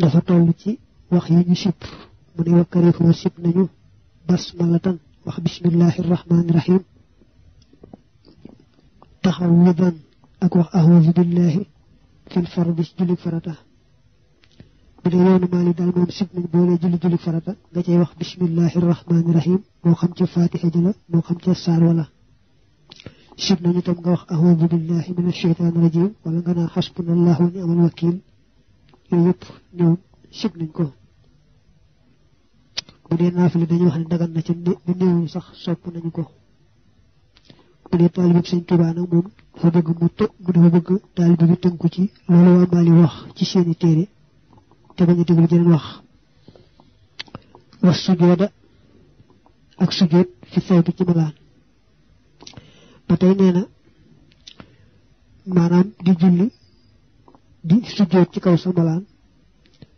dafa toll ci wax yi ñu sib mu ne wakkarifoo sib nañu basmalatan wax bismillahi rahmaani rahim taxawidan ak wax ahuzu billahi fil fardi julli farata bu dee yoonu maali daal moom sib nañ boole julli julli farata nga wax bismillahi rahmaani rahim moo xam ca fatiha wala sib nañu tam nga wax ahuzu billahi min ashaytaani rajim wala nga naa xasbunallahu wa ni'mal wakil yooyu yëpp ñoom sib ko bu dee naafila dañuy wax ne dagan na ci bu néewul sax sopp nañu ko bu dee taalibe bi sëñ Tuubaa moom dafa bëgg mu të mu dafa bëgg taalibe bi tënku ci loolu waa Maali wax ci seeni téere te bañ a déglu jeneen wax wax sujooda ak sujoot fi saw bi ci malaan ba tey nee maanaam di julli di sujjóot ci kaw sa mbalaan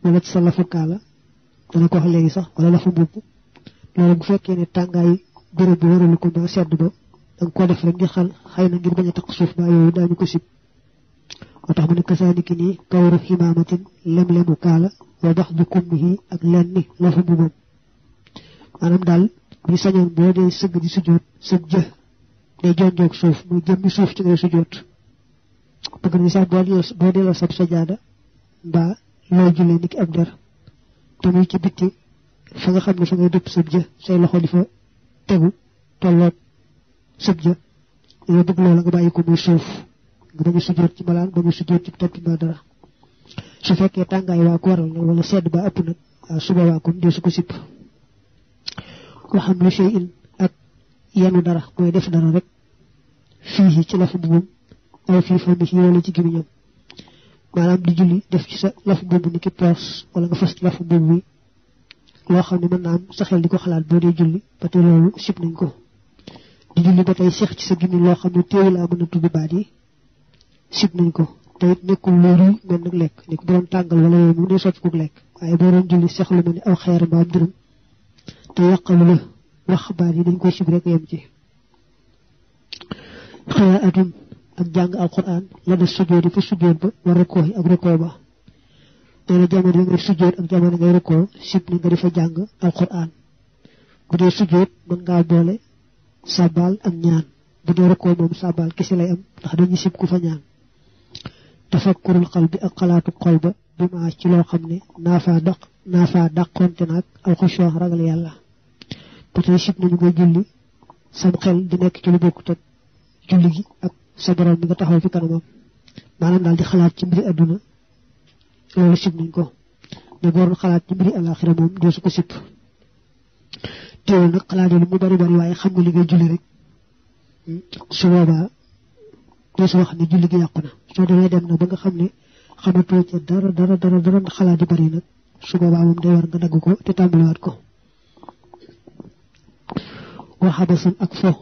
wala ci sa lafu kaala dana ko wax léegi sax wala lafu mbubb loolu bu fekkee ne tàngaay bërëb bi waralu ko ba sedd ba danga ko def rek ngir xal xëy na ngir bañ a taq suuf ba yooyu daañu ko sib moo tax mu ne kasaaniki nii kawru ximaamatin lem-lemu kaala wa bax du kummihi ak leen lafu mbubbam maanaam daal bu sañoon boo dee sëgg di sujjóot sëg jë day jonjoog suuf muy jëmmi suuf ci ngay sujjóot bëgg nañ sax boo delloo boo delloo sab sajaada mbaa loo jullee ni ki ab der te ci bitti fa nga xam ne fa nga dëpp sab jë say loxo di fa tegu tolloot sab jë yow bëgg loola nga bàyyi ko muy suuf nga bañ a sujjóot ci malaan bañ a sujjóot ci tappi ba dara su fekkee tàngaay waa ko waral wala sedd ba ëpp nag waaw suba waa kon dee su ko sipp waxam lu sey in ak yenu dara mooy def dara rek fii ci la fa buggum aw fii fan ci wala ci gémmiñam maanaam di julli def ci sa lafu mbubb ni ki poos wala nga fas lafu mbubb bi loo xam ne mën naa am sa xel di ko xalaat boo dee julli ba tey loolu sib nañ ko di julli ba tey seex ci sa gémmiñ loo xam ne téewu laa mën a tudd yi sib nañ ko te it nekkul loolu mel nag lekk nekk bu doon tàngal wala yooyu mu ne soppi ko lekk waaye boo doon julli seex lu mel ni aw xeer mbaam dërëm te yàqalu la wax baat yi dañ koy sib rek yem ci xëya atum ak jàng alquran la def sujjóot yi fa sujjóot ba war rukkoo yi ak rukkoo ba nee jamono yi ngay sujjóot ak jamono ngay rukkoo sib ni nga di fa jàng alquran bu dee sujjóot mën ngaa boole sàbbaal ak ñaan bu dee rukkoo moom sàbbaal kese lay am ndax dañu sib ku fa ñaan tafakkurul xal bi ak xalaatu xol ba bi ma ci loo xam ne naafaa daq naafaa dàqonte naag ragal yàlla ba tey sib nañu ngay julli sam xel di nekk ci lu bokkut ak julli gi ak sa borom bi nga taxaw ci kanamam maanaam daal di xalaat ci mbiri àdduna loolu sib nañ ko ne borom xalaat ci mbiri alaxira moom doo su ko sib teewul nag xalaat yi lu mu bari bari waaye xam nga li ngay julli rek ne julli gi yàqu na soo demee dem na ba nga xam ne xamatoo ci dara dara dara dara xalaat yi bari nag su boobaa moom day war nga dagg ko te tàmbaliwaat ko waxabasan ak fo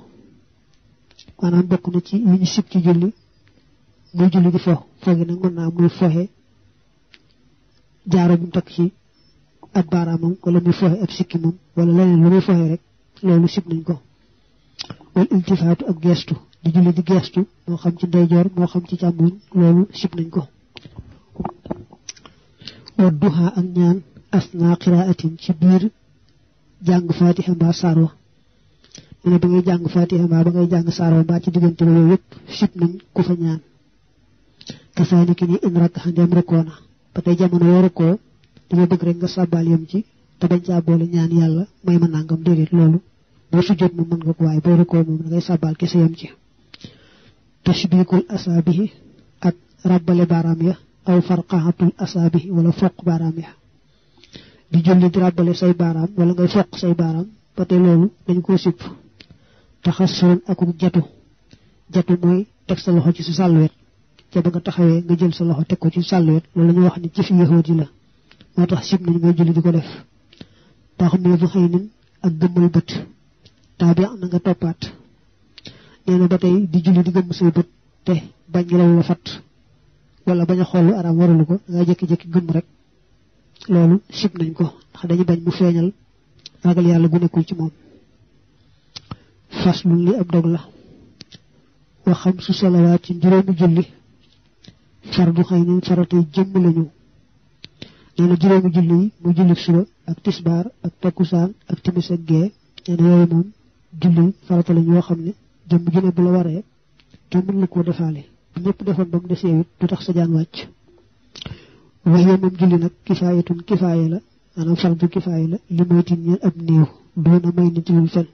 maanaam bokk na ci yi sib ci julli muy julli di fo fo gi nag mën muy foxe jaaro bu mu takk ci ab baaraamam wala muy foxe ab sikkimam wala leneen lu muy foxe rek loolu sib nañ ko wal iltifaatu ak gestu di julli di gestu moo xam ci ndeyjoor moo xam ci càmmoñ loolu sib nañ ko wa duha ak ñaan asna qiraatin ci biir jàng fatiha mbaa sarwa mu ne ba ngay jàng Fatiha maa ba ngay jàng saaro ba yooyu yëpp nañ ku fa ñaan kasaani ki ni in rakk xandeem rukkoo na ba tey jamono yoo rukkoo dama bëgg rek nga sàbbaal yam ci te bañ caa boole ñaan yàlla may ma nangam déedéet loolu boo sujjóot moom mën nga ko waaye boo rukkoo moom da ngay sàbbaal kese yam ci tashbikul asaabihi ak ràbbale baaraam ya aw farqaatul asaabihi wala foq baaraam ya di julli di ràbbale say baaraam wala ngay foq say baaraam ba tey loolu dañ koo sipp taxasuran akuk jatu jatu mooy teg sa loxo ci su sàlluwet ca ba nga taxawee nga jël sa loxo teg ko ci sàlluwet loolu la ñu wax ni jëfi yahood yi la moo tax sib nañu ngay julli di ko def taaxum ne bu xëy nin ak gëmmal bët taabi na nga toppaat nee na ba tey di julli di gëmm say bët te bañ law la fat wala bañ a xool lu araam waralu ko nga jékki-jékki gëmm rek loolu sib nañ ko ndax dañu bañ mu feeñal ragal yàlla gu nekkul ci moom faslu li ab dog la wa xam salawaat ci juróomi julli fardu xëy ni faratay jëmm lañu nee na julli mu julli suba ak tisbaar ak takkusaan ak timis ak gee nee yooyu moom julli farata yoo xam ne jëmm ju bu la waree kenn mën na koo defaale bu ñëpp defoon ba des yow du tax sa jaan wàcc wax yee moom julli nag kifaayatun kifaaye la maanaam fardu kifaaye la li moytin ñeen ab néew doona may nit lu fen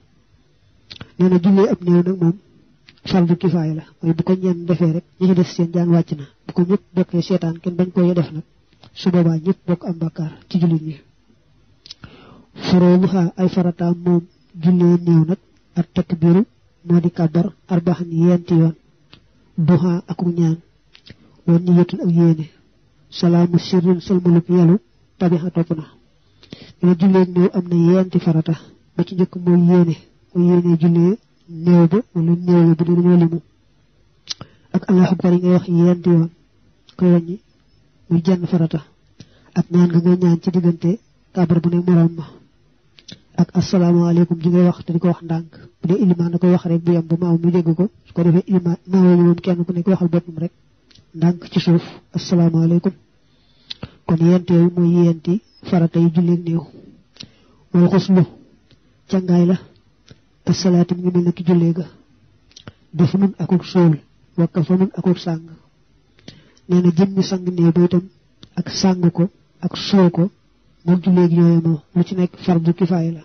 nee na jullee ab néew nag moom fardu kifaaya la mooy bu ko ñenn defee rek ñi ci des seen jaan wàcc na bu ko ñëpp bokkee seetaan kenn bañ koy def nag su boobaa ñëpp bokk am bakkaar ci jullit ñi foroobuxaa ay farataam moom jullee néew nag ak takbiru moo di kàbbar arbaxan yenti yoon duxaa akuk ñaan woon ñu yëtul ak yéene salaamu sirrin salmalub yàllu tabixa topp na dina jullee néew am na yenti farata ba ci njëkk mooy yéene yéen a jullee néew ba wala néew bi dina moo limu ak allahu akbar yi ngay wax yéenti yoon koy wàññi muy jenn farata ak ñaan nga ngay ñaan ci diggante kabar bu ne moroom ma ak asalaamaaleykum ji ngay wax te di ko wax ndànk bu dee ilimaan na koy wax rek bu yem ba maaw mu dégg ko su ko defee ilimaan maaw yi kenn ku nekk waxal boppam rek ndànk ci suuf asalaamaaleykum kon yent yooyu mooy yenti farata yi julleeg néew wal xoslu cangaay la ka salaati bi ngi mel ne ki jullee ga dafa nun akuk sóol wakka fa nun akuk sàng nee na jëmmi nee ba itam ak sàng ko ak soo ko moom jullee gi yooyu lu ci nekk fardu kifaaya la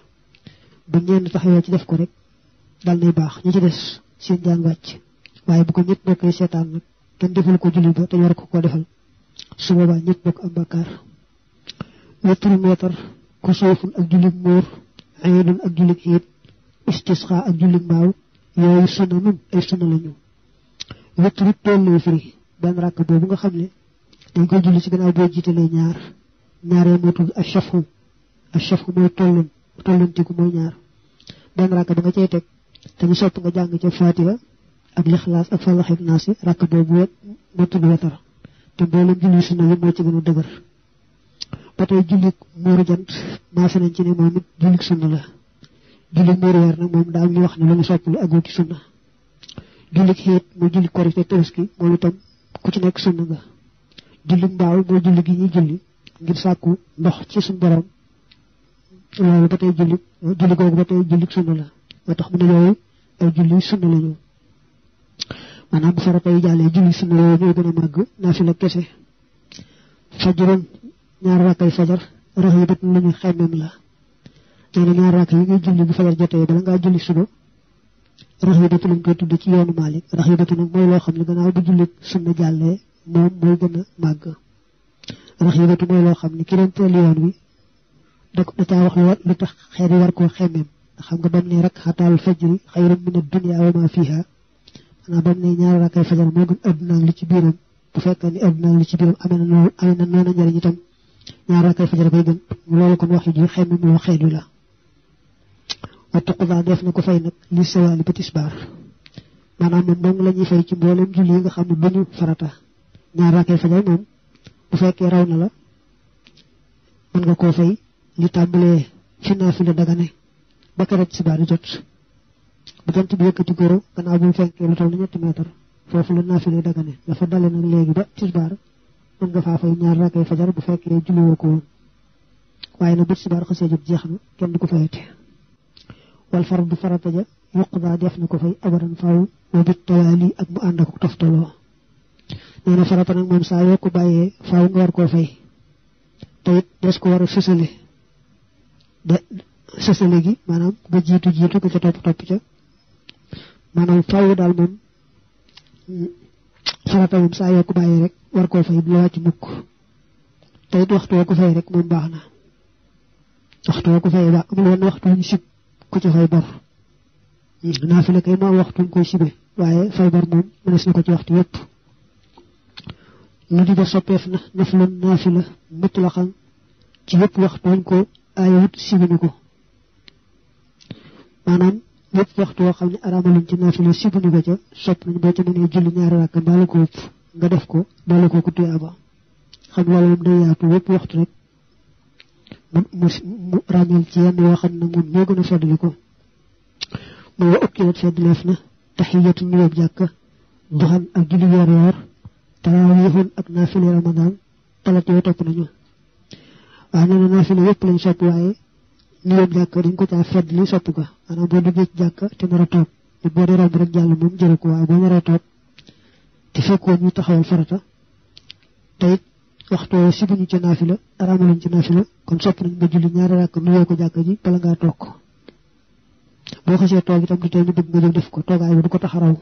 bu tax taxawee ci def ko rek dal nay baax ñi ci des seen jaan waaye bu ko ñett bokk yi seetaan nag kenn deful ko julli ba te war ko ko defal su boobaa ñett bokk am bakkaar wetru meetar ku sooful ak jullit muur ayidun ak jullit xiit istisqa ak jullit mbaaw yooyu sunanun ay sunna lañu witr it tolloo firi benn rakk boobu nga xam ne dañ koy julli ci gannaaw boo jiitalee ñaar ñaaree moo tudd ashafu ashafu mooy tollun tolluntiku mooy ñaar benn rakk ba nga cay teg te ñu sopp nga jàng ca faatiha ak lixlaas ak falax naasi rakk boobu wet moo tudd wetar te mboolem julli sunna yi moo ci gën a dëgër ba tey julli muuru jant ci ne moom it julli sunna la julli ñaari weer nag moom daa ñu wax ne lañu sopp lu agoo ci sunna julli xiit mooy julli korite tabaski moom itam ku ci nekk sunna nga julli mbaaw mooy julli gi ñuy julli ngir sàkku ndox ci suñu borom loolu ba tey julli julli googu ba tey julli sunna la moo tax mu ne yooyu ay julli sunna la ñu maanaam bu farata yi jàllee julli sunna yooyu ñooy gën a màgg naafila kese fajuroon ñaar rakkay fajar rax yi bat lu ñu xemmem la nee na ñaar rakk yi ngay julli bu fajar jotee bala ngaa julli suba raxidatu lañ koy tudd ci yoonu Maalik raxidatu nag mooy loo bu jullit sunna jàllee mooy loo xam ne ki doon teel yoon wi da ko da caa wax lu lu tax xeet yi war koo xemmeem xam nga bam ne rek xataalu fajri xayrun mina dunya wa ma fiha xanaa bam ne ñaari rakkay fajar moo gën àdduna ak li ci biiram bu fekkee ni àdduna ak li ci biiram amee na noonu amee na noonu njëriñ itam ñaari rakkay fajar koy gën loolu kon wax ji xemmeem loo xeet wi la wa tuqudaa def na ko fay nag li sawaali ba tisbaar maanaam moom dong ci mboolem julli xam ne bu ñu farata ñaar rakkee fajar moom bu fekkee raw na la mën nga koo fay li tàmbalee fi naafila dagane ba keroog tisbaar di jot bu jant bi yëkkati góoro gannaaw bu fekkee lu toll ñetti meetar foofu la naafila dagane dafa dale nag léegi ba tisbaar mën nga faa fay ñaar rakkee fajar bu fekkee julliwoo ko woon waaye nag bu tisbaar xasee jot jeex na kenn du ko fayati wal fardu farata ja yuqdaa def na ko fay abadan faw wa bit mu ànd ak toftaloo nee na farata nag moom saa yoo bàyyee faw nga war koo fay te it des ko war a sësale de sësale gi maanaam ba jiitu jiitu ko ca topp topp moom farata moom saa yoo ko fay bu la wàcc waxtu woo ko fay rek moom baax waxtu woo ko fay baax amul woon ku ci fay bor naafila kay moo waxtu koy sibe waaye fay bor moom mënees na ko ci waxtu yépp nu di ko soppeef na naflan naafila mutlaqan ci yépp waxtu wañ ko aayawut sibuñu ko maanaam yépp waxtu woo xam ne araamaluñ ci la sibuñu ko ca sopp nañ boo ca mënee julli ñaari rakk mbaalu ko wëpp nga def ko mbaalu ko ku tuyaaba xam loolu moom day yaatu yépp waxtu rek mu ràññal ci yenn yoo xam ne mun ñoo gën a ko mu wa ukkilat feddaleef na taxiyatu nuyoob jàkka duxan ak julli weer weer tarawixun ak naafile ramadaan talat yooyu topp nañu waaw nee na naafile yëpp lañ sopp waaye nuyoob jàkka dañ ko caa feddali sopp ko maanaam boo duggee ci jàkka te nar a toog boo dee romb rek jàll moom jëre ko waaye boo nar a te fekkoo ñu taxawal farata te waxtu yooyu sibuñu ca naafila araamaluñ ca naafila kon sopp nañ nga julli ñaari ràkk nuyoo ko jàkka ji bala ngaa toog boo xasee toog itam du tee ñu bëgg nga def ko toogaay bi du ko tax a raw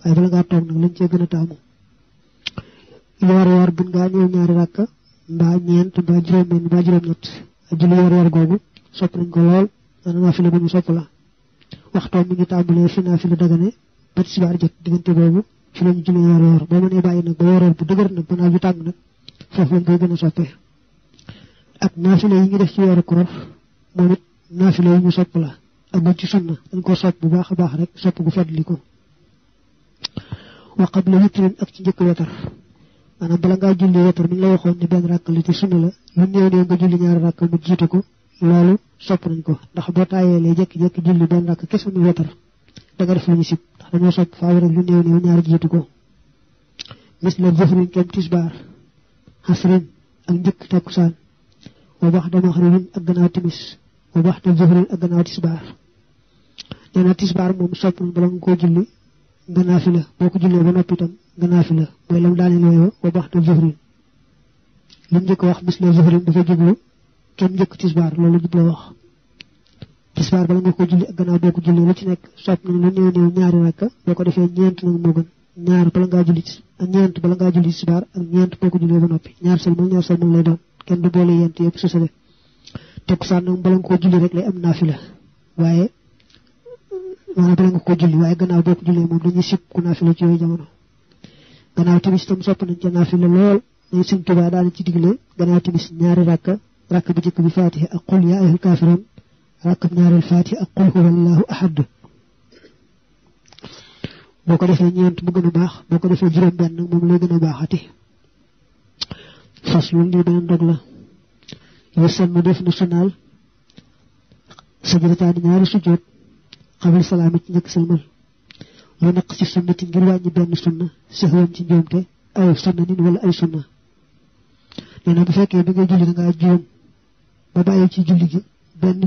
waaye bala ngaa toog nag a taamu yoor yoor gën ngaa ñëw ñaari ràkk mbaa ñeent mbaa juróom benn mbaa juróom ñett julli yoor yoor ko lool ana naafila bu ñu la waxtoo mi ngi tàmbalee fi naafila dagane ba tisbaar jot diggante boobu fi lañu julli yoor yoor boo mënee bàyyi nag ba yoor yoor bu dëgër nag ba naaj bi tàng nag foofu lañ a soppee ak naafile yi ñu def ci weeru koor moom it naafile yi ñu sopp la ak buñ ci sunna dañ koo sopp bu baax baax rek sopp gu fàttali ko wa qabla witrin ak ci njëkk wetar maanaam bala ngaa julli wetar bi ñu la waxoon ni benn la lu néew néew nga julli ñaari ràkk mu jiite ko loolu sopp nañ ko ndax boo taayee lee jékki-jékki julli benn ràkk kese mu wetar da nga def lu ñu sib ndax dañoo sopp faaw rek lu néew néew ñaari jiitu ko mis la jëfriñ kem tisbaar xasrin ak njëkk takkusaan wa baxda maxribin ak gannaaw timis wa baxda zuhrin ak gannaaw tisbaar nee na tisbaar moom sopp na bala nga koo julli nga naafila boo ko jullee ba noppi itam nga naafila mooy lam daane looyo wa baxda zuhrin li njëkk wax bis la zuhrin dafa jublu kenn njëkk tisbaar loolu jubla wax tisbaar bala nga koo julli ak gannaaw boo ko jullee lu ci nekk sopp na lu néew néew ñaari rakka boo ko defee ñeent nag moo gën ñaar bala ngaa julli ci ak ñeent bala ngaa julli tisbaar ak ñeent boo ko jullee ba noppi ñaar sëlmal ñaar sëlmal lay doon kenn du boole yent yëpp su sële takkusaan nag bala nga koo julli rek lay am naafila waaye maanaam bala nga koo julli waaye gannaaw boo ko jullee moom dañuy sib ku naafila ci yooyu jamono gannaaw timis tam sopp nañ ca naafila lool ñu Sëñ Tuubaa daal ci digle gannaaw timis ñaari rakka rakk bu jëkk bi faatiha ak qul yaa ayyuhal kaafiruun rakk boo ko defee ñeent mu gën a baax boo ko defee juróom benn moom lay gën a baaxati fas lun lii beneen dog la yu sàmm def na sunaal sajadataani ñaari sujjoot xamal salaam ci njëkk salmal lu naq ci sunnati ngir wàññi benn sunna sixwan ci njuumte aw sunna nin wala ay sunna nee bu fekkee bi ngay julli da ngaa ba bàyyi ci julli gi benn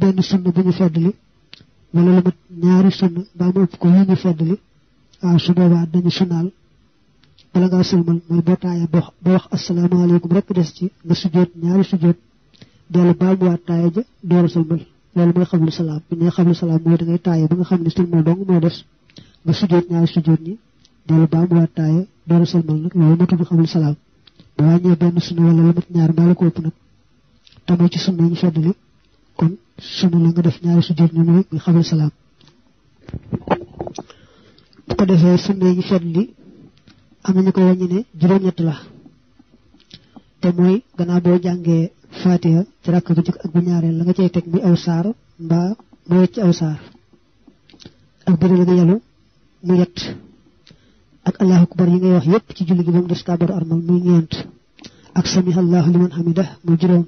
benn sunna bu ñu feddali wala lu mat ñaari sunn mbaa mu ëpp ko yi ñu feddali waaw su boobaa dañu sunnaal bala ngaa sëlmal mooy boo taayee ba wax asalaamaaleykum rek des ci nga sujjóot ñaari sujjóot dellu baal mu waat taaye ja door a sëlmal loolu mooy xablu salaam bu ñu nee xablu salaam mooy da ngay xam ne sëlmal dong moo des nga sujjóot ñaari sujjóot ñi dellu baal a sëlmal nag loolu matul xablu salaam bu wàññee benn sunna wala lu mat ñaar mbaa la ko ëpp nag tamit ci sunna ñu feddali kon sunu la nga def ñaari sujjóot ñoom rek muy xabal salaam bu ko defee sunna yi fet li am nañu ko wàññi ne juróom-ñett la te mooy gannaaw boo jàngee faatiha ci rakk bu jëkk ak bu ñaareel la nga cay teg muy aw saar mbaa mu ci aw saar ak bëri mu yett yi ngay wax yépp ci julli ba mu des kàbbaru armal muy ñeent ak samihallahu liman hamidah muy juróom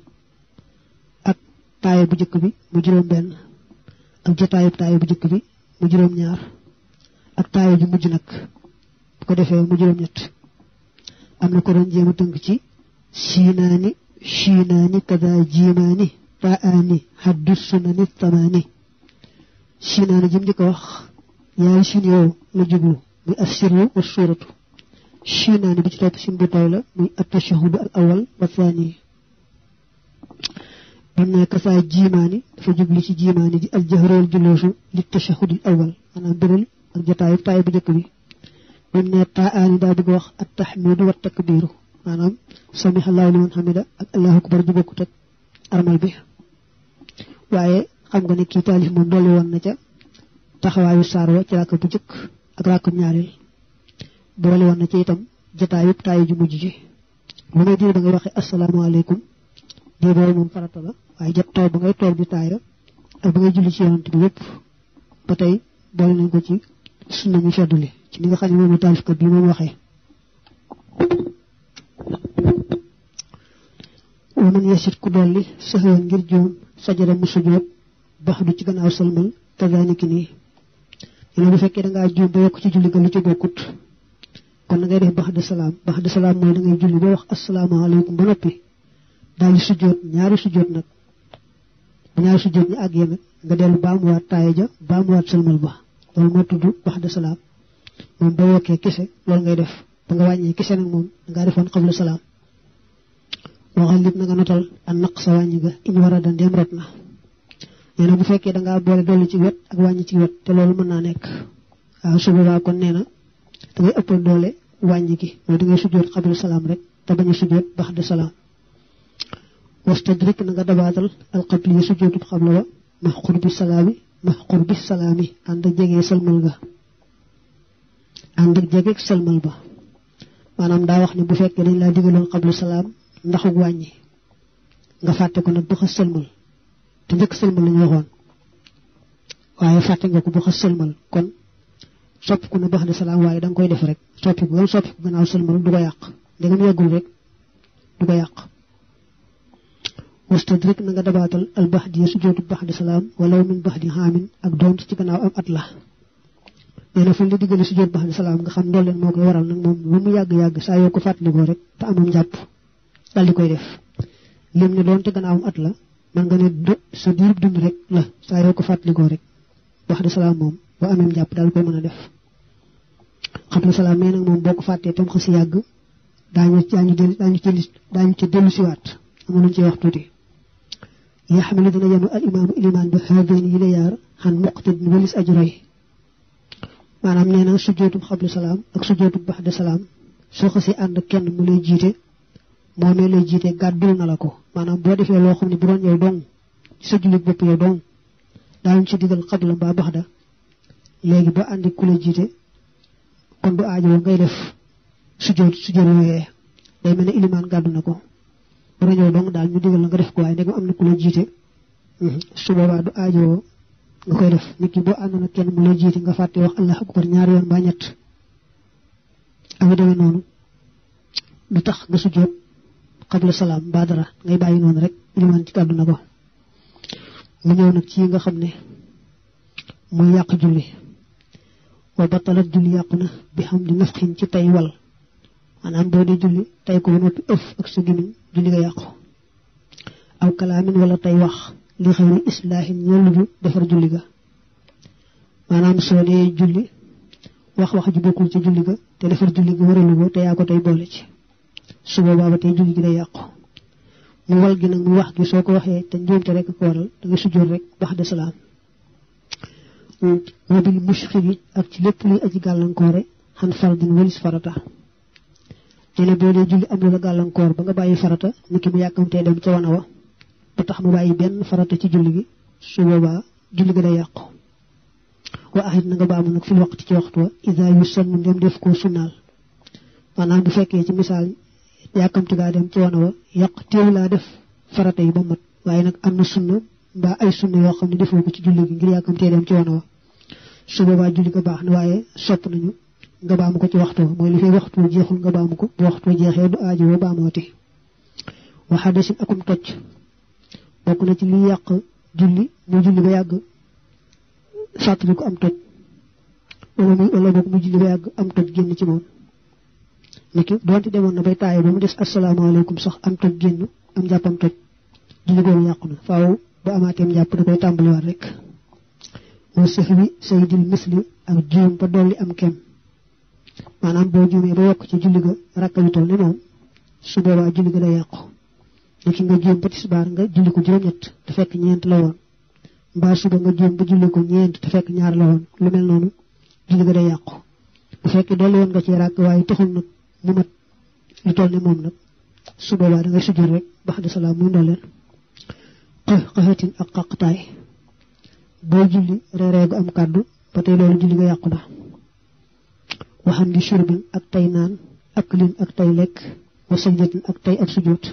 taaye bu njëkk bi mu juróom benn ak jotaayub taaye bu njëkk bi mu juróom ñaar ak taaye ju mujj nag bu ko defee mu juróom ñett am na ko doon jéem tënk ci siinaani siinaani kada jiimaani raani haddu sunani tamaani siinaani jëm di wax yaay siin yow la jublu muy assirru wa suuratu siinaani bi ci topp sin bu la muy attachahudu al awal wa thani man naa kasaa jiimaani dafa jublu ci jiimaani ji al jahreel juloosu li tashahudil awal maanaam biral ak jotaayu taay bu njëkk bi man naa taaani daa bëgg wax at tahmidu wa takbiru maanaam samiha allahu liman hamida ak allahu akbar ju bokkut ak armal bi waaye xam nga ne kii taalif moom dolli woon na ca taxawaayu saar wa ci ràkk bu njëkk ak ràkk ñaareel boole woon na ci itam jotaayu taay ju mujj ji lu may diir ba ngay waxe asalaamaaleykum lii boobu moom farata la waaye jot tool ba ngay tool bi taaya ak ba ngay julli ci yonent bi yépp ba tey boole nañ ko ci sunna mu fedduli ci li nga xam ne moom la taalifkat bi moom waxee waman yesit ku dolli saxewoon ngir juum sajara mu sujjóot bax du ci gannaaw salmal kaganiki nii ñene bu fekkee da ngaa juum ba yokk ci julli ga lu ci bokkut kon da ngay def bax de salaam bax de salaam mooy da julli ba wax asalaamaaleykum ba noppi daal di sujjóot ñaari sujjóot ñaar su jëm ñi ak yéen nga dellu baamuwaat taaya ja baamuwaat sëlmal ba loolu moo tudd wax de salaam moom boo yokkee kese loolu ngay def ba nga wàññee kese nag moom defoon xablu salaam waxal lit na sa wàññi nga iñ war a dan dem rot na nee bu fekkee dangaa boole dolli ci wet ak wàññi ci wet te loolu mën naa nekk waaw su boobaa kon nee na dangay ëppal doole wàññi gi mooy dangay sujjoot xablu salaam rek te bañ a sujjoot bax de salaam wastadrib na nga dabaatal alxabli yi sujjóotub xabla wa maxqur bi salaami maxqur bi salaami ànd ak jegee sëlmal ga ànd ak jegeeg ba maanaam daa wax ne bu fekkee dañ laa digaloon xablu salaam ndaxug wàññi nga fàtte ko nag bu xas sëlmal te njëkk sëlmal lañu waxoon waaye fàtte nga ko bu xas sëlmal kon soppi ku ne baax na salaam waaye danga koy def rek soppi bu gën soppi ku gannaaw sëlmal du ko yàq ndegam yàggul rek du ko yàq wastadrik na nga dabaatal al baxdiya sujootu baxdi salaam walaw min baxdi xaamin ak doon ci gannaaw am at la nee na fu ñu la diggalee sujoot baxdi salaam nga xam ndolleen moo koy waral nag moom lu mu yàgg-yàgg saa yoo ko fàttalikoo rek te amam njàpp dal di koy def lim ne doon te at la man nga ne sa diirub rek la saa ko fàttalikoo rek baxdi salaam moom boo amee njàpp daal koy mën a def xam xabla salaam nee nag moom boo ko fàttee tam xasi yàgg daañu daañu daañu ci daañu ci dellu siwaat amuñu ci wax tuuti yi nga xam ne dina yenu al ilimaan bi xaajeen yi la yaar xan muqtadin walis aji roy maanaam nee na sujjootu xablu salaam ak sujjootu baxda salaam soo xasee ànd kenn mu lay jiite moomee lay jiite gàddul na la ko maanaam boo defee loo xam ne bu doon yow dong ci sa jullit bopp yow dong daawuñ ci digal xabla mbaa baxda léegi boo àndi ku lay jiite kon du aajoo ngay def sujjoot sujjoot yooyee day mel ne ilimaan gàddu na ko war a dong daal ñu digal la nga def ko waaye ndegam am na ku la jiite mm-hmm. su boobaa du aajowoo nga koy def nit ki boo àndoon ak kenn mu lay jiite nga fàtte wax allah akbar ñaari yoon ba ñett ak tax nga sujjóot xabla salaam ba dara ngay rek ci kàddu na ko mu ñëw nag ci nga xam ne muy yàq julli wa batalat julli yàqu na bi xam di nafxin ci tay wal maanaam boo dee julli tay ko ba noppi ëf ak sa gémmiñ julli nga yàqu aw kalaamin wala tey wax li xëyri islaahin ñeel ju defar julli ga maanaam soo dee julli wax wax ju bokkul ci julli ga te defar julli ga waralu ko te yaa ko tey boole ci su boobaa tey julli gi day yàqu mu wal gi nag mu wax gi soo ko waxee te njuumte rek ko waral da nga sujjóot rek bax de salaam wabil mushkili ak ci lépp luy aji gàllankoore xan fardin walis farata ne la boo dee julli la gàllankoor ba nga bàyyi farata ni ki mu yàkkamtee dem ca wana wa ba tax mu bàyyi benn farata ci julli gi su boobaa julli gi day yàqu wa na nga baamu nag fil waxtu ci waxtu wa isa yu sonn dem def koo sunnaal maanaam bu fekkee ci misaal yàkkamti gaa dem ci wana wa yàq téew laa def farata yi ba mat waaye nag am na sunna mbaa ay sunna yoo xam ne defoo ko ci julli gi ngir yàkkamtee dem ci wana wa su boobaa julli ga baax na waaye sopp nga baamu ko ci waxtu mooy li fi waxtu jeexul nga baamu ko bu waxtu jeexee du aajo ba baamooti waxadasin akum toj bokk na ci liy yàq julli mu julli ba yàgg fàttali ko am toj wala muy wala boog mu julli ba yàgg am toj génn ci moom niki doonte demoon na bay taaye ba mu des asalaamaaleykum sax am toj génn am jàppam toj julli googu yàqu na faaw bu amaateem jàpp da koy tàmbaliwaat rek wa sëx wi say dil misli ak juum ba dolli am kem maanaam boo juumee ba yokk ci julli ga rakka yu toll ne moom su boobaa julli ga day yàqu léegi nga juum ba tisbaar nga julli ko juróom-ñett te fekk ñeent la woon mbaa suba nga ba julli ko ñeent te fekk ñaar la woon lu mel noonu julli ga day yàqu bu fekkee dolli woon nga ci ràkk waaye taxul nag mu mat lu toll ne moom nag su boobaa da ngay sujjóot rek bax de salaam muy ndolleen xëy xëxatin ak xàqtaay boo julli reeree gu am kàddu ba tey loolu julli waxam di surbin ak tey naan ak lin ak tey lekk wa sajdatin ak tey ab sujjóot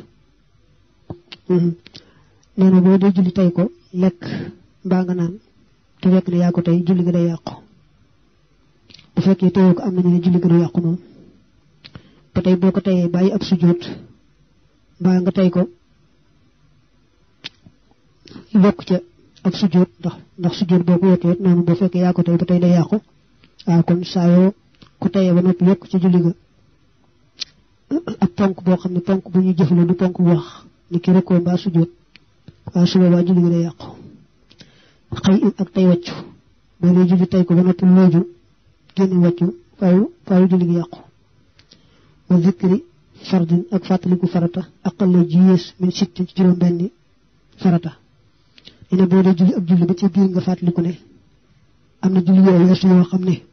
hmm. nee boo dee julli tey ko lekk mbaa nga naan te fekk ne julli gi day yàqu bu fekkee teyoo ko am na ne julli gi du yàqu moom boo ko teyee bàyyi ab sujjóot mbaa nga tey ko yokk ca ab sujjóot ndax ndax sujjóot boo ko yokkee noonu boo fekkee yaa ko tey ba tey day yàqu waaw ah, kon saa ku teye ba noppi yokk ci julli ga ak ponk boo xam ne ponk bu ñuy jëf la du ponk bu wax ni ki rekkoo mbaa sujjóot waaye su boobaa julli ga day yàqu xëy in ak tey wàccu ko ba noppi looju génn wàccu faayu faayu julli gi yàqu wa zikri fardin ak fàttaliku farata aqal la ji yées min sitti ci juróom benni farata dina boo dee julli ab julli ba ci biir nga fàttaliku ne am na julli yooyu weesu yoo xam ne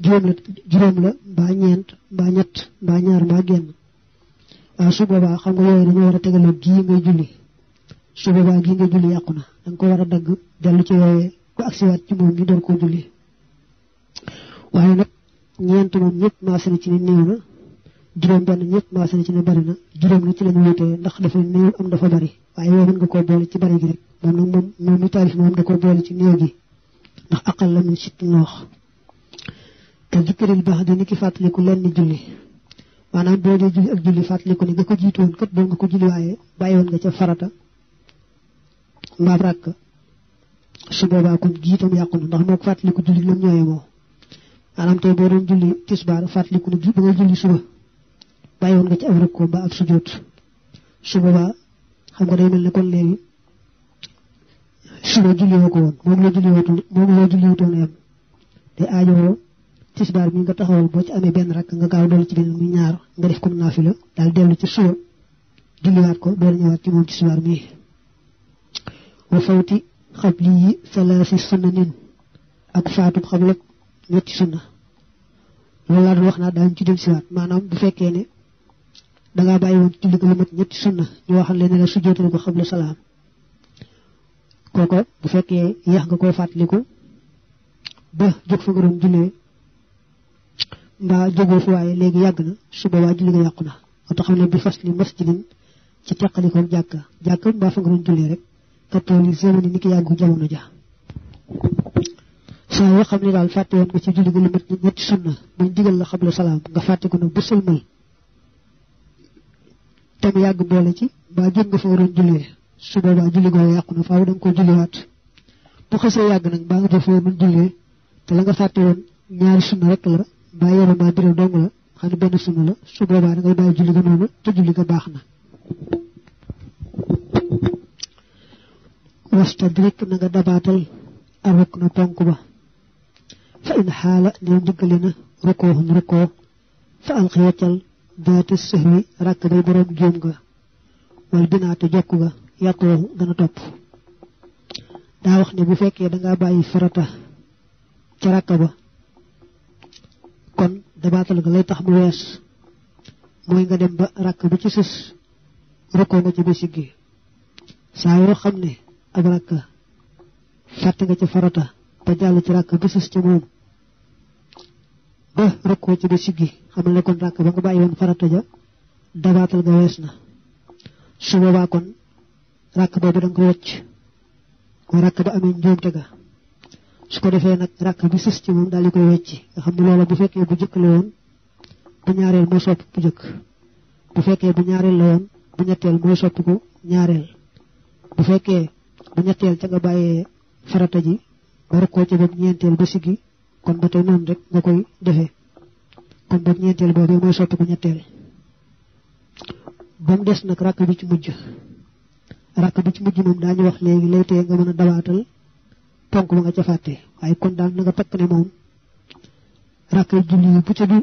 juróom la juróom la mbaa ñeent mbaa ñett mbaa ñaar mbaa genn waaw su boobaa xam nga yooyu dañoo war a tegaloo gii ngay julli su boobaa gii ngay julli yàqu na da ko war a dagg dellu ci yooyee ba agsiwaat ci moom ñu door koo julli waaye nag ñeent moom ñëpp maase na ci ne néew na juróom benn ñëpp maase na ci ne bari na juróom na ci lañu wutee ndax dafa néew am dafa bari waaye yow nga koo boole ci bari gi rek moom nag moom moom mu taalif moom da koo boole ci néew te zikril baax di ni ki fàttaliku lenn julli maanaam boo dee julli ak julli fàttaliku ni nga ko jiitu woon kat doon nga ko julli waaye bàyyi woon nga ca farata mbaam ràkk su boobaa jiitam yàqu na ndax moo ko fàttaliku julli ñoom ñooye moo maanaam tey boo doon julli tisbaar fàttaliku ni ba nga julli suba bàyyi woon nga ci ab rëkkoo ba ak sujjóot su boobaa xam nga day mel ne kon léegi suba julliwoo ko woon moom la julliwootu moom la julliwootoon yam te aajowoo tisbaar bi nga taxawal boo ci amee benn rakk nga gaaw dolli ci benn muy ñaar nga def comme naafila daal dellu ci suba julliwaat ko door ñëwaat ci moom tisbaar mi wa fawti xabli yi salaasi sunnanin ak faatum xablak ñetti sunna loolu laa doon wax naa daañu ci dellusiwaat maanaam bu fekkee ne dangaa bàyyi woon julli ko lu ñetti sunna ñu waxal leen ne la sujjootal ko xabla salaam kooko bu fekkee yéex nga koo fàttaliku ba jóg fa nga doon jullee mbaa jógoo fi waaye léegi yàgg na su boobaa julli nga yàqu na moo tax xam ne bi fas li masjidin ci teqalikoog jàkk jàkka mbaa fa nga doon jullee rek kattool yi zamani ni ki yàggu jamono ja saa yoo xam ne daal fàtte woon nga ci julli gi lu mat sunna muy digal la xabla salaam nga fàtte ko nag bu sëlmal te mu yàgg boole ci mbaa jóg nga fa waroon jullee su boobaa julli googu yàqu na faaw da nga ko julliwaat bu xësee yàgg nag mbaa nga fa waroon jullee la nga fàtte woon mbaa yéene maa dërëm dong la xam benn suma la su boobaa baax na wastadrik na nga dabaatal ak rukk na ponk ba fa in xaala ne ndiggale na rukkoo xun rukkoo fa alxiyatal daati sëxwi ràkk bay boroom juum ga wal binaatu jokk ga yàqoo gën a topp daa wax ne bu fekkee dangaa bàyyi farata ca ràkk ba dabaatal nga lay tax mu wees mooy nga dem ba rakk bi ci sës rukkoo na ci ba siggi saa yoo xam ne ab rakk fàtte nga ci farata ba jàll ci rakk bi sës ci moom ba rukkoo ci ba siggi xamal ne kon rakk ba nga bàyyi woon farata ja dabaatal nga wees na su boobaa kon rakk boobu da nga ko wecc mooy ba amee njuumte ga su ko defee nag rakk bi sës ci moom daal di koy wecci nga xam ne loola bu fekkee bu jëkk la woon bu ñaareel mooy sopp bu fekkee bu ñaareel la woon bu sopp ku ñaareel bu fekkee bu ñetteel ca nga bàyyee farata ji ba rakkoo ca boobu ñeenteel ba siggi kon ba tey noonu rek nga koy defee kon boobu ñeenteel boobee mooy sopp ku ñetteel ba mu des nag rakk bi ci mujj rakk bi ci mujj moom daañu wax léegi lay tee nga mën a dawaatal ponk ba nga ca fàtte waaye kon daal na nga takk ne moom rakk yi julli yi bu ca du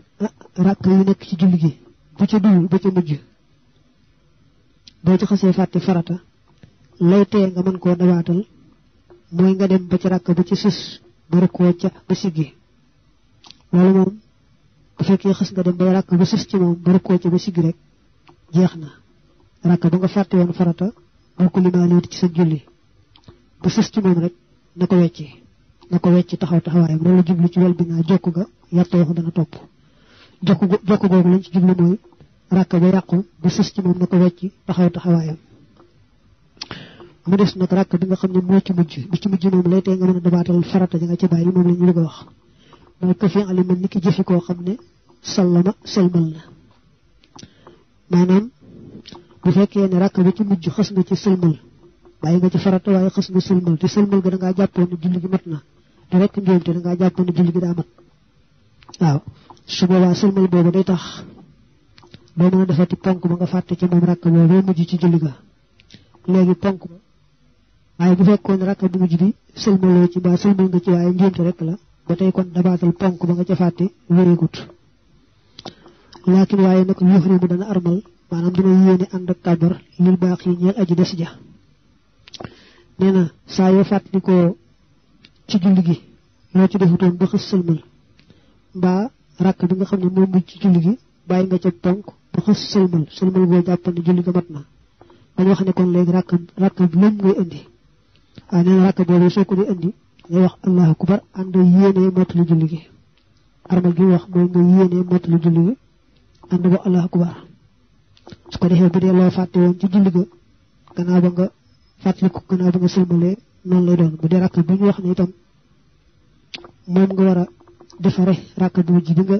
rakk yi nekk ci julli gi bu ca du ba ca mujj nga mën koo dabaatal mooy nga dem ba ci rakk ba ci sus ba rukkoo ca ba siggi loolu moom bu fekkee xas nga dem ba rakk ba sus ci moom ba rukkoo ca ba siggi rek jeex na rakk ba nga fàtte woon farata boo ko ci sa julli ba sus ci moom rek na ko wecci na ko wecci taxaw taxawaayam a jublu ci wel bi naa jokk ga yarta waxu dana topp jokku jokku googu lañ ci jublu mooy ràkk ba yàqu bu sës ci moom na ko wecci taxaw taxawaayam mu des nag ràkk bi nga xam ne moo ci mujj bi ci mujj moom lay tee nga mën a dabaatal farata ja nga ci bàyyi moom la ñu bëgg a wax mooy ko fi ali man ni ki jëfi koo xam ne sallama selmal na maanaam bu fekkee ne ràkk bi ci mujj xas na ci selmal bàyyi nga ci farata waaye xas nga sëlmal te sëlmal ga da ngaa jàppoon ne julli gi mat na te rekk njuum te da ngaa jàppoon ne julli gi daa mat waaw su boobaa sëlmal boobu day tax doo mën a defati ponk ba nga fàtte ci moom rakk boobu mujj ci julli ga léegi ponk waaye bu fekkoon rakk bu mujj bi sëlmaloo ci mbaa sëlmal nga ci waaye njuumte rek la ba tey kon dabaatal ponk ba nga ca fàtte wéreegut laakin waaye nag yuxrimu dana armal maanaam dina yéene ànd ak des ja nee na saa yoo fàttalikoo ci julli gi loo ci defutoon ba xës sëlmal mbaa rakk bi nga xam ne moom ci julli gi bàyyi nga ca ponk ba xës sëlmal sëlmal boo jàppoon ne julli ga mat na dañ wax ne kon léegi rakk rakk bi lëm ngay indi waaye nee na rakk boobu soo ko dee indi ngay wax allahu akbar ànd yéenee mottali julli gi armal gi wax mooy nga yéenee mottali ko defee bu dee loo fàtte woon ci julli ga gannaaw ba nga fàttaliku gannaaw ba nga sëlmalee noonu lay doon bu dee rakk bi ñu wax ne itam moom nga war a rakk bu mujj bi nga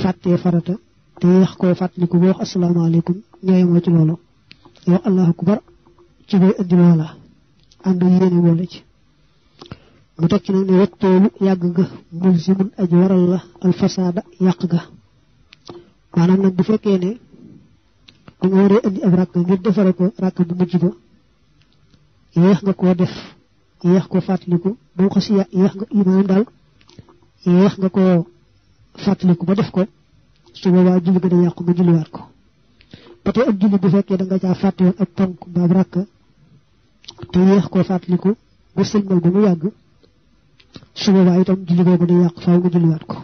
fàttee farata te wax koo fàttaliku boo wax asalaamaaleykum ñooy moo ci loolu yow allahu akbar ci bay indi loola am na yéene boole ci mu teg ci nag ne wettoolu yàgg ga mulsimun aj waral la alfasaada yàq ga maanaam nag bu fekkee ne da nga waree indi ab rakk ngir defare ko rakk bu mujj ba yéex nga koo def yéex ko fàttaliku ba nga ko si yéex nga imaam daal yéex nga ko fàttaliku ba def ko su boobaa julli gën a yàqu nga julliwaat ko ba bu fekkee da nga caa fàtte ak ponk baab rakk te yéex koo fàttaliku ba sëlmal ba mu yàgg su boobaa itam julli goo gën a yàqu faaw nga julliwaat ko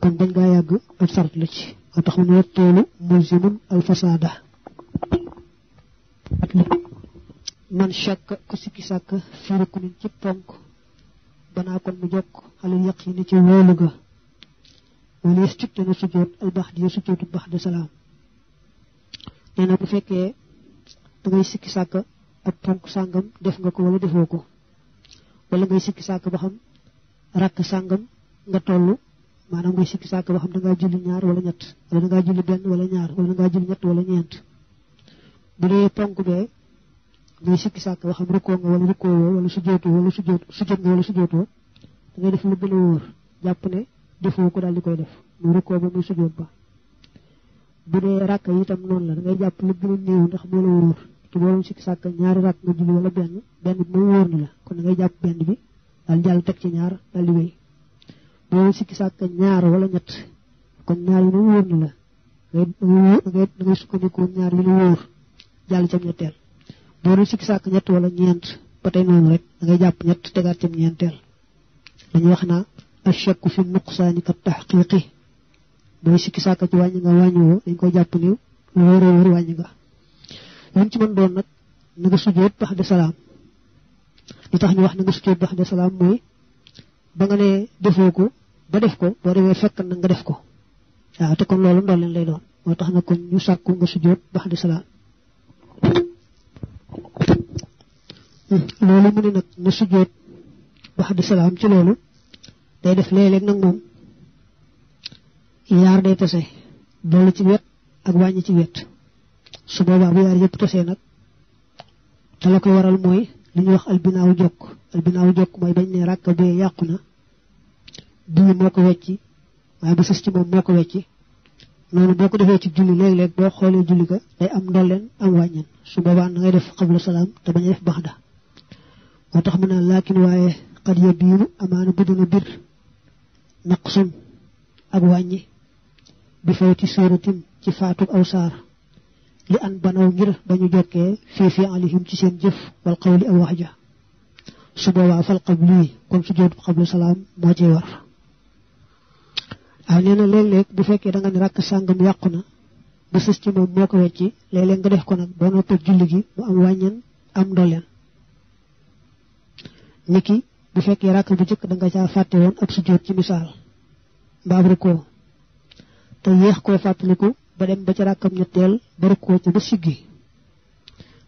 kon bañ ngaa yàgg ak sart la ci moo tax mu ne toolu mulzimun al man chàkk ku sikki sàkk fii rukunin ci ponk banaa kon mu jokk alal yaqini ci wóolu ga wala yës cub dana sujjóot al bax di sujjóotu bax de salaam nee na bu fekkee da sikki sàkk ak ponk sàngam def nga ko wala defoo ko wala ngay sikki sàkk ba xam rakk sàngam nga toll maanaam ngay sikki sàkk ba xam da julli ñaar wala ñett wala da julli benn wala ñaar wala da julli ñett wala ñeent bu dee ponk bee ñuy sikki sàkk waxam rukkoo nga wala rukkoo woo wala sujjóotu wala sujjóotu sujjóot nga wala sujjóotoo da ngay ko daal di koy def muy rukkoo ba muy sujjóot ba bu dee ràkk yi itam noonu la da jàpp lu gën a néew ndax moo la wóor te boo doon sikki sàkk ñaari ràkk nga julli wala benn bi moom wóor na la kon da jàpp benn bi daal jàll teg ci ñaar daal di wéy boo doon sikki sàkk ñaar wala ñett kon ñaar yi moom wóor na la ngay ngay ñaar yi la wóor jàll ca ñetteel doonu sikki sàkk ñett wala ñeent ba tey noonu rek da jàpp ñett tegaat ci ñeenteel dañu wax naa ashakku fi nuqsaani ka taxqiqi mooy sikki sàkk ci wàññi nga wàññi woo dañ koy jàpp ni wóoree wóor wàññi nga luñ ci mën doon nag na nga sujjóot bax de salaam li tax ñu wax na nga sujjóot bax de salaam mooy ba nga ne defoo ko ba def ko boo demee fekk na nga def ko waaw te kon loolu ndolleen lay doon moo tax na ko ñu sàkku nga sujjóot bax loolu mu ne nag mu sujjóot wax di salaam ci loolu day def léeg-léeg nag moom yaar day tase dolli ci wet ak wàññi ci wet su boobaa bu yaar yëpp tasee nag te la ko waral mooy li ñuy wax albinaaw jokk albinaaw jokk mooy bañ ne ràkk bee yàqu na bii moo ko wecci waaye bu sës ci moom moo ko wecci loolu boo ko defee ci julli léeg-léeg boo xoolee julli ga day am ndolleen am wàññeen su boobaa na ngay def xablu salaam te bañ a def baxda moo tax mu ne laakin waaye xat ya biiru amaana bu dina bir naqsun ak wàññi bi fay ci sóoratin ci faatug aw saar li an banaw ngir ba ñu jokkee fii fii alihim ci seen jëf wal xawli aw wax ja su boobaa fal xab kon su joot salaam moo ciy war waaw nee na léeg bu fekkee danga nga ne rakk sàngam yàqu na ba sës ci moom moo ko wecci léeg-léeg nga def ko nag boo noppee julli gi mu am wàññeen am ndolleen niki bu fekkee rakk bu njëkk da nga caa fàtte woon ab sujjóot ci misaal mbaab rukkoo te yéex koo fàttaliku ba dem ba ci rakkam ñetteel ba rukkoo ci ba siggi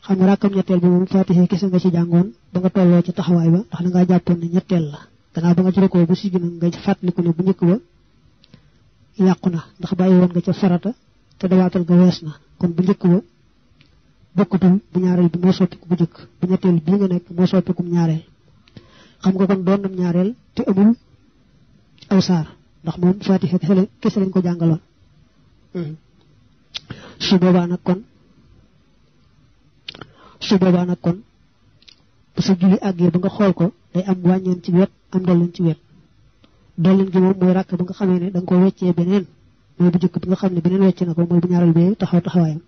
xam nga rakkam ñetteel bi moom fatiha kese nga ci jàngoon ba nga tolloo ci taxawaay ba ndax da ngaa jàppoon ne ñetteel la gannaaw ba nga ci rukkoo ba siggi nag ne bu njëkk yàqu na ndax bàyyi woon nga ca farata te dawaatal nga wees na kon bu njëkk ba bokkutul bu ñaareel bi moo soppiku bu njëkk bu ñetteel bii nga nekk moo soppikum ñaareel xam nga kon doon nam ñaareel te amul aw saar ndax moom fatiha xele kese lañ ko jàngaloon su boobaa nag kon su boobaa nag kon bu sa julli àggee ba nga xool ko day am wàññeen ci wet am dolleen ci wet dollin gi moom mooy rakk ba nga xamee ne da nga ko weccee beneen mooy bu jëkk bi nga xam ne beneen wecc na ko mooy bu ñaareel bi taxaw taxawaayam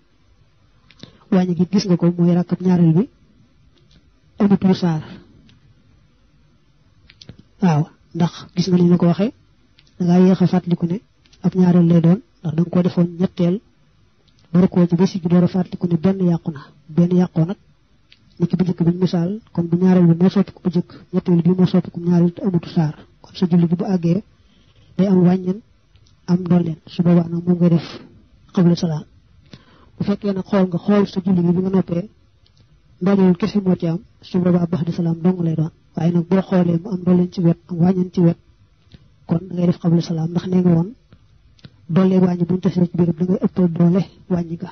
gi gis nga ko mooy rakk bu bi amut lu saar waaw ndax gis nga ni ñu ko waxee da ngaa yéex a fàttaliku ne ab ñaareel lay doon ndax da koo ko defoon ñetteel bara koo ci ba si ji door a ko ne benn yàqu na benn yàqoo nag nit ki bu jëkk bi misaal kon bu ñaareel bi moo soppiku bu jëkk ñetteel bi moo soppiku ñaareel te amutu saar kon sa bu àggee day am wàññeen am dooleen su boobaa nag moom ngay def xabla salaam bu fekkee nag xool nga xool sa julli gi bi nga noppee ndooleen kese moo ci am su boobaa bax di salaam dong lay doon waaye nag boo xoolee mu am dooleen ci wet am wàññeen ci wet kon da ngay def xabla salaam ndax nee nga woon doole wàññi buñu tasee ci béréb da ngay ëppal doole wàññi ga